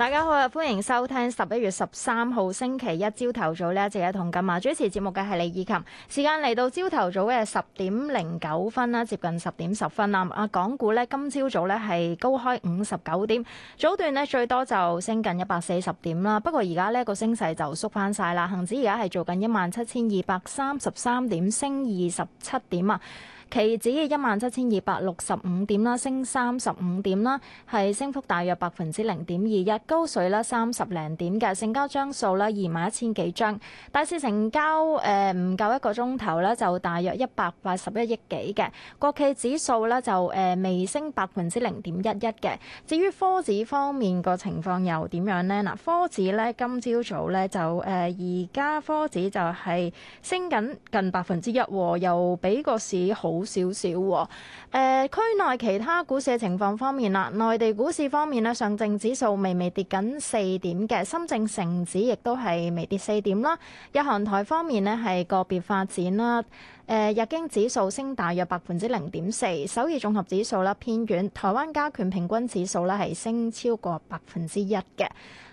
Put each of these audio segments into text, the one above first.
大家好，歡迎收聽十一月十三號星期一朝頭早呢，正日同今啊主持節目嘅係李以琴。時間嚟到朝頭早嘅十點零九分啦，接近十點十分啦。啊，港股呢，今朝早呢係高開五十九點，早段呢最多就升近一百四十點啦。不過而家呢個升勢就縮翻晒啦。恆指而家係做緊一萬七千二百三十三點，升二十七點啊。期指一萬七千二百六十五點啦，升三十五點啦，係升幅大約百分之零點二一，高水啦三十零點嘅，成交張數啦二萬一千幾張，大市成交誒唔夠一個鐘頭啦，就大約一百八十一億幾嘅，國企指數呢，就誒微升百分之零點一一嘅。至於科指方面個情況又點樣呢？嗱，科指呢，今朝早呢，呃、就誒而家科指就係升緊近，近百分之一，又比個市好。好少少喎，誒、呃，區內其他股市嘅情況方面啦，內地股市方面咧，上證指數微微跌緊四點嘅，深證成指亦都係微跌四點啦。日韓台方面咧，係個別發展啦，誒、呃，日經指數升大約百分之零點四，首爾綜合指數啦，偏軟，台灣加權平均指數咧，係升超過百分之一嘅。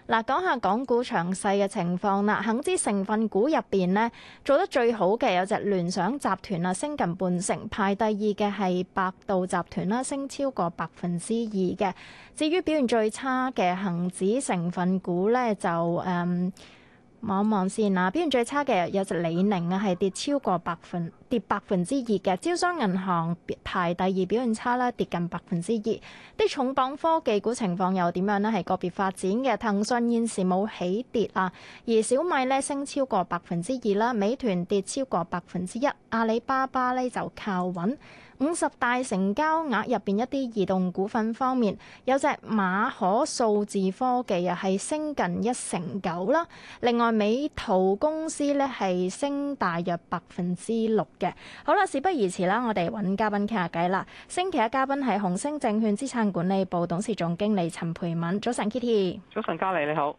嗱，講下港股詳細嘅情況啦。恆指成分股入邊呢，做得最好嘅有隻聯想集團啦，升近半成；排第二嘅係百度集團啦，升超過百分之二嘅。至於表現最差嘅恒指成分股呢，就誒。Um, 望一望先啦，表現最差嘅有隻李寧啊，係跌超過百分跌百分之二嘅；招商銀行排第二，表現差啦，跌近百分之二。啲重磅科技股情況又點樣呢？係個別發展嘅，騰訊現時冇起跌啊。而小米咧升超過百分之二啦，美團跌超過百分之一，阿里巴巴咧就靠穩。五十大成交額入邊一啲移動股份方面，有隻馬可數字科技啊，係升近一成九啦。另外美圖公司呢係升大約百分之六嘅。好啦，事不宜遲啦，我哋揾嘉賓傾下偈啦。星期一嘉賓係紅星證券資產管理部董事總經理陳蓓敏。早晨，Kitty。早晨，嘉莉，你好。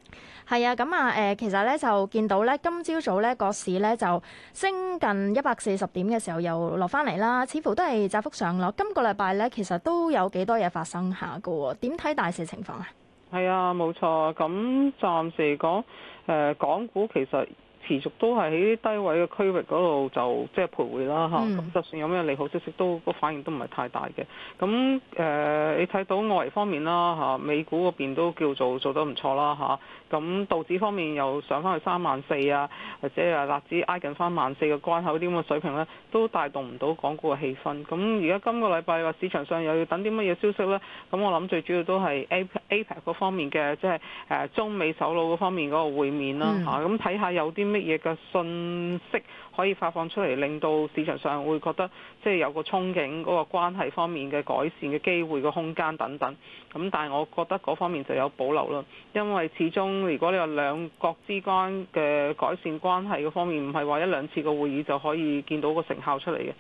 係啊，咁啊，誒，其實呢就見到呢，今朝早呢個市呢就升近一百四十點嘅時候，又落翻嚟啦，似乎都係，窄幅上落，今個禮拜呢，其實都有幾多嘢發生下嘅喎，點睇大市情況啊？係啊，冇錯。咁暫時嚟講、呃，港股其實持續都係喺低位嘅區域嗰度就即係、就係、徘徊啦嚇。咁、啊嗯、就算有咩利好消息，息都，都個反應都唔係太大嘅。咁誒、呃，你睇到外圍方面啦嚇、啊，美股嗰邊都叫做做得唔錯啦嚇。啊咁道指方面又上翻去三萬四啊，或者啊納指挨近三萬四個關口啲咁嘅水平咧，都帶動唔到港股嘅氣氛。咁而家今個禮拜你話市場上又要等啲乜嘢消息咧？咁我諗最主要都係、e, APEC 嗰方面嘅，即係誒中美首腦嗰方面嗰個會面啦嚇，咁睇下有啲乜嘢嘅信息。可以發放出嚟，令到市場上會覺得即係有個憧憬，嗰個關係方面嘅改善嘅機會、個空間等等。咁但係我覺得嗰方面就有保留咯，因為始終如果你話兩國之間嘅改善關係嘅方面，唔係話一兩次個會議就可以見到個成效出嚟嘅。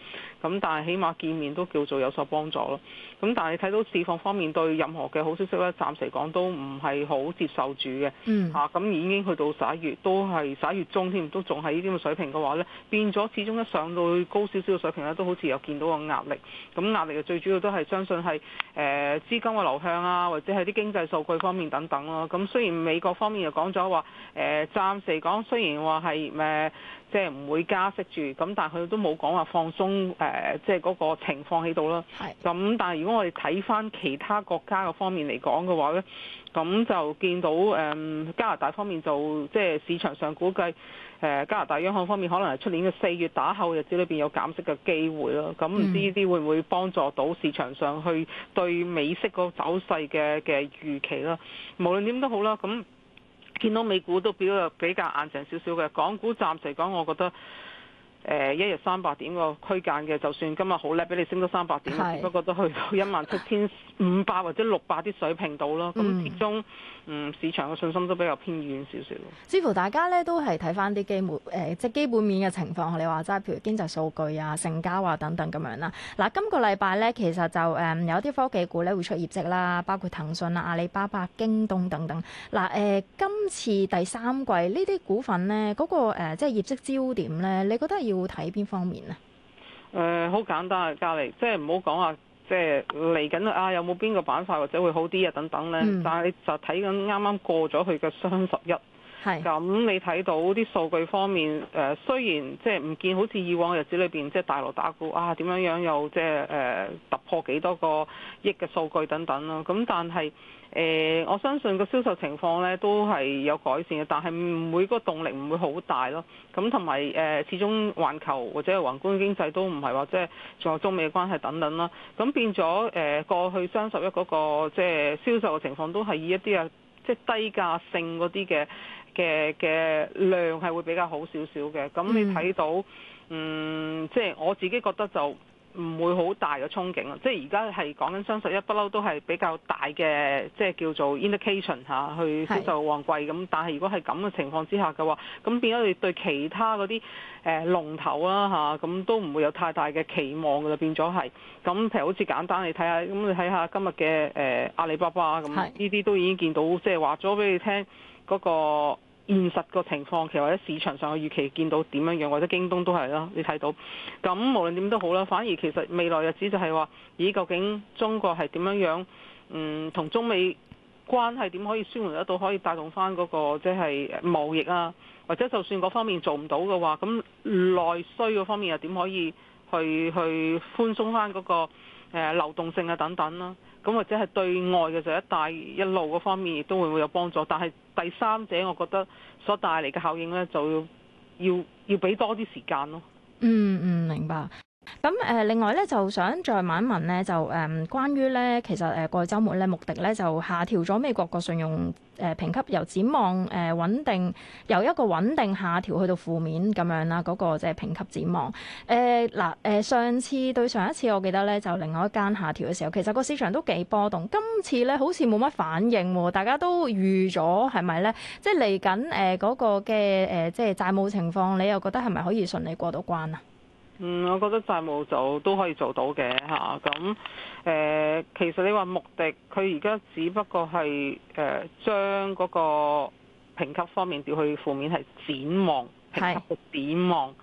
咁但係起碼見面都叫做有所幫助咯。咁但係睇到市況方面對任何嘅好消息呢，暫時講都唔係好接受住嘅。嗯。嚇咁、啊、已經去到十一月，都係十一月中添，都仲喺呢啲咁嘅水平嘅話呢。變咗，始終一上到高少少嘅水平咧，都好似有見到個壓力。咁壓力嘅最主要都係相信係誒、呃、資金嘅流向啊，或者係啲經濟數據方面等等咯、啊。咁雖然美國方面又講咗話誒，暫時嚟講雖然話係誒即係唔會加息住，咁但係佢都冇講話放鬆誒，即係嗰個情況喺度咯。係的。咁但係如果我哋睇返其他國家嘅方面嚟講嘅話咧，咁就見到誒、呃、加拿大方面就即係、就是、市場上估計。加拿大央行方面可能係出年嘅四月打後日子裏邊有減息嘅機會咯，咁唔、嗯、知呢啲會唔會幫助到市場上去對美息個走勢嘅嘅預期咯？無論點都好啦，咁見到美股都比較比較硬淨少少嘅，港股暫時嚟講，我覺得誒一日三百點個區間嘅，就算今日好叻俾你升多三百點，是只不過都去到一萬七千五百或者六百啲水平度咯，咁、嗯、其中。嗯，市場嘅信心都比較偏軟少少。似乎大家咧都係睇翻啲基本，誒、呃，即係基本面嘅情況。你話齋，譬如經濟數據啊、成交啊等等咁樣啦。嗱、呃，今個禮拜咧，其實就誒、呃、有啲科技股咧會出業績啦，包括騰訊、啊、阿里巴巴、京東等等。嗱、呃，誒今次第三季呢啲股份咧，嗰、那個、呃、即係業績焦點咧，你覺得要睇邊方面啊？誒、呃，好簡單啊，隔離，即係唔好講話。即係嚟緊啊！有冇邊個板塊或者會好啲啊？等等呢，mm. 但係你就睇緊啱啱過咗佢嘅雙十一。係，咁是你睇到啲數據方面，誒、呃、雖然即係唔見好似以往嘅日子裏邊即係大鑼打鼓啊點樣樣又即係誒突破幾多個億嘅數據等等啦，咁、啊、但係誒、呃、我相信個銷售情況咧都係有改善嘅，但係每、那個動力唔會好大咯。咁同埋誒始終環球或者係宏觀經濟都唔係話即係仲有中美嘅關係等等啦。咁、啊、變咗誒、呃、過去雙十一嗰個即係、就是、銷售嘅情況都係以一啲啊即係低價性嗰啲嘅。嘅嘅量係會比較好少少嘅，咁、嗯、你睇到，嗯，即係我自己覺得就唔會好大嘅憧憬啊！即係而家係講緊雙十一，不嬲都係比較大嘅，即係叫做 indication 嚇、啊，去銷售旺季咁。是但係如果係咁嘅情況之下嘅話，咁變咗你對其他嗰啲誒龍頭啦嚇，咁、啊、都唔會有太大嘅期望噶啦，變咗係。咁譬如好似簡單，你睇下，咁你睇下今日嘅誒阿里巴巴咁，呢啲都已經見到，即係話咗俾你聽嗰、嗰個。現實個情況，其實或者市場上嘅預期見到點樣樣，或者京東都係啦，你睇到。咁無論點都好啦，反而其實未來日子就係話，咦究竟中國係點樣樣？嗯，同中美關係點可以舒緩得到，可以帶動翻嗰個即係貿易啊，或者就算嗰方面做唔到嘅話，咁內需嗰方面又點可以去去寬鬆翻嗰個呃流動性啊等等啦。咁或者係對外嘅就一帶一路嗰方面亦都會會有幫助，但係。第三者，我覺得所帶嚟嘅效應咧，就要要要俾多啲時間咯。嗯嗯，明白。咁誒，另外咧，就想再問一問咧，就誒、嗯、關於咧，其實誒過去週末咧，穆迪咧就下調咗美國個信用誒評級，由展望誒、呃、穩定，由一個穩定下調去到負面咁樣啦。嗰、那個即係評級展望誒嗱誒，上次對上一次我記得咧，就另外一間下調嘅時候，其實個市場都幾波動。今次咧好似冇乜反應喎，大家都預咗係咪咧？即係嚟緊誒嗰個嘅誒、呃、即係債務情況，你又覺得係咪可以順利過到關啊？嗯，我覺得債務就都可以做到嘅嚇，咁、啊、誒、呃、其實你話穆迪，佢而家只不過係誒、呃、將嗰個評級方面掉去負面係展望，評級嘅展望，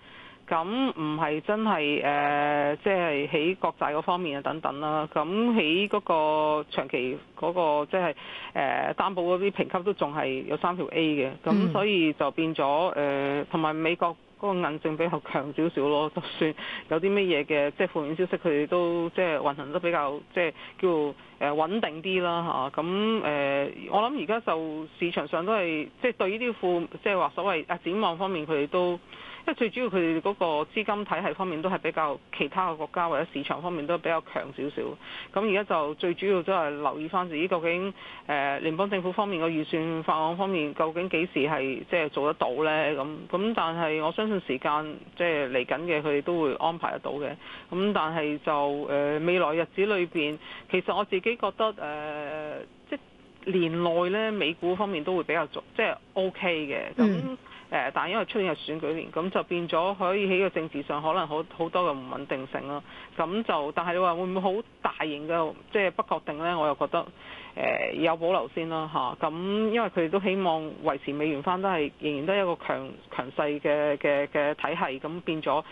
咁唔係真係誒即係喺國債嗰方面啊等等啦，咁喺嗰個長期嗰、那個即係誒擔保嗰啲評級都仲係有三條 A 嘅，咁、嗯、所以就變咗誒同埋美國。嗰個韌性比較強少少咯，就算有啲咩嘢嘅即係負面消息，佢哋都即係運行得比較即係、就是，叫做誒穩定啲啦吓咁誒，我諗而家就市場上都係即係對呢啲負，即係話所謂啊展望方面，佢哋都。即係最主要佢哋嗰個資金體系方面都係比較其他嘅國家或者市場方面都比較強少少。咁而家就最主要都係留意返自己究竟誒聯邦政府方面嘅預算法案方面究竟幾時係即係做得到呢？咁咁但係我相信時間即係嚟緊嘅，佢哋都會安排得到嘅。咁但係就誒、呃、未來日子裏邊，其實我自己覺得誒即係年內呢美股方面都會比較做即係 OK 嘅咁。誒，但因為出年係選舉年，咁就變咗可以喺個政治上可能好好多嘅唔穩定性咯。咁就，但係你話會唔會好大型嘅即係不確定呢，我又覺得。誒、呃、有保留先啦嚇，咁、啊、因為佢哋都希望維持美元翻都係仍然都係一個強強勢嘅嘅嘅體系，咁變咗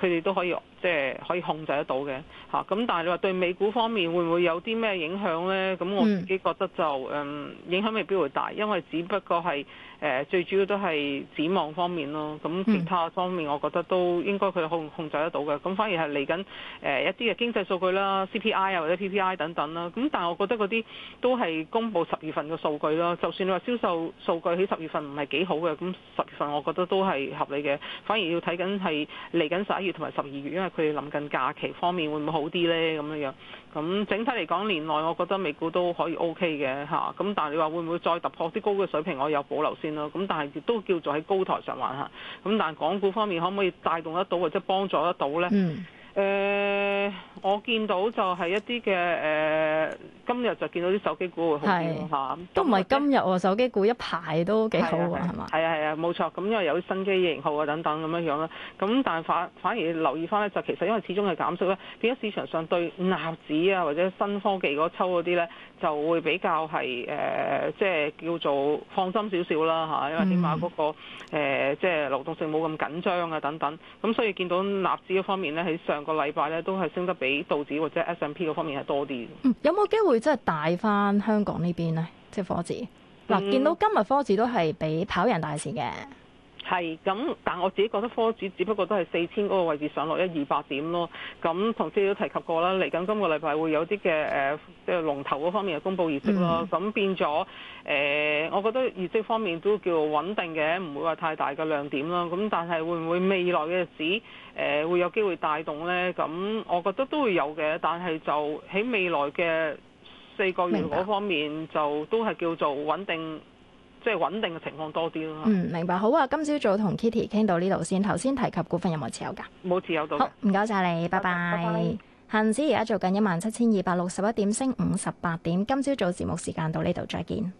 佢哋都可以即係可以控制得到嘅嚇。咁、啊、但係你話對美股方面會唔會有啲咩影響呢？咁我自己覺得就誒、嗯、影響未必會大，因為只不過係誒、呃、最主要都係展望方面咯。咁其他方面我覺得都應該佢控控制得到嘅。咁、啊、反而係嚟緊誒一啲嘅經濟數據啦、CPI 啊或者 PPI 等等啦。咁但係我覺得嗰啲都都係公布十月份嘅數據咯，就算你話銷售數據喺十月份唔係幾好嘅，咁十月份我覺得都係合理嘅，反而要睇緊係嚟緊十一月同埋十二月，因為佢哋諗緊假期方面會唔會好啲呢？咁樣樣。咁整體嚟講，年內我覺得美股都可以 OK 嘅嚇。咁、啊、但係你話會唔會再突破啲高嘅水平，我有保留先咯。咁、啊、但係亦都叫做喺高台上玩下。咁、啊、但係港股方面可唔可以帶動得到或者幫助得到呢？嗯誒、呃，我見到就係一啲嘅誒，今日就見到啲手機股會好啲咯，都唔係今日喎，手機股一排都幾好嘅係嘛？係啊係啊，冇、啊吧啊啊、錯。咁、嗯、因為有啲新機型號啊等等咁樣樣啦。咁但係反反而留意翻咧，就其實因為始終係減息咧，變咗市場上對納指啊或者新科技嗰抽嗰啲咧，就會比較係誒即係叫做放心少少啦嚇，嗯、因為起碼嗰個即係流動性冇咁緊張啊等等。咁所以見到納指方面咧喺上個禮拜咧都係升得比道指或者 S&P 嗰方面係多啲。嗯，有冇機會即係帶翻香港呢邊咧？即係科指。嗱、啊，見到今日科指都係比跑人大市嘅。係咁，但我自己覺得科指只不過都係四千嗰個位置上落一二百點咯。咁同事都提及過啦，嚟緊今個禮拜會有啲嘅誒，即係龍頭嗰方面嘅公布業績咯。咁變咗誒、呃，我覺得業績方面都叫穩定嘅，唔會話太大嘅亮點啦。咁但係會唔會未來嘅指誒會有機會帶動呢？咁我覺得都會有嘅，但係就喺未來嘅四個月嗰方面白就都係叫做穩定。即係穩定嘅情況多啲咯。嗯，明白，好啊。今朝早同 Kitty 傾到呢度先。頭先提及股份有冇持有㗎？冇持有到。好，唔該晒你，拜拜。恆指而家做緊一萬七千二百六十一點，升五十八點。今朝早節目時間到呢度，再見。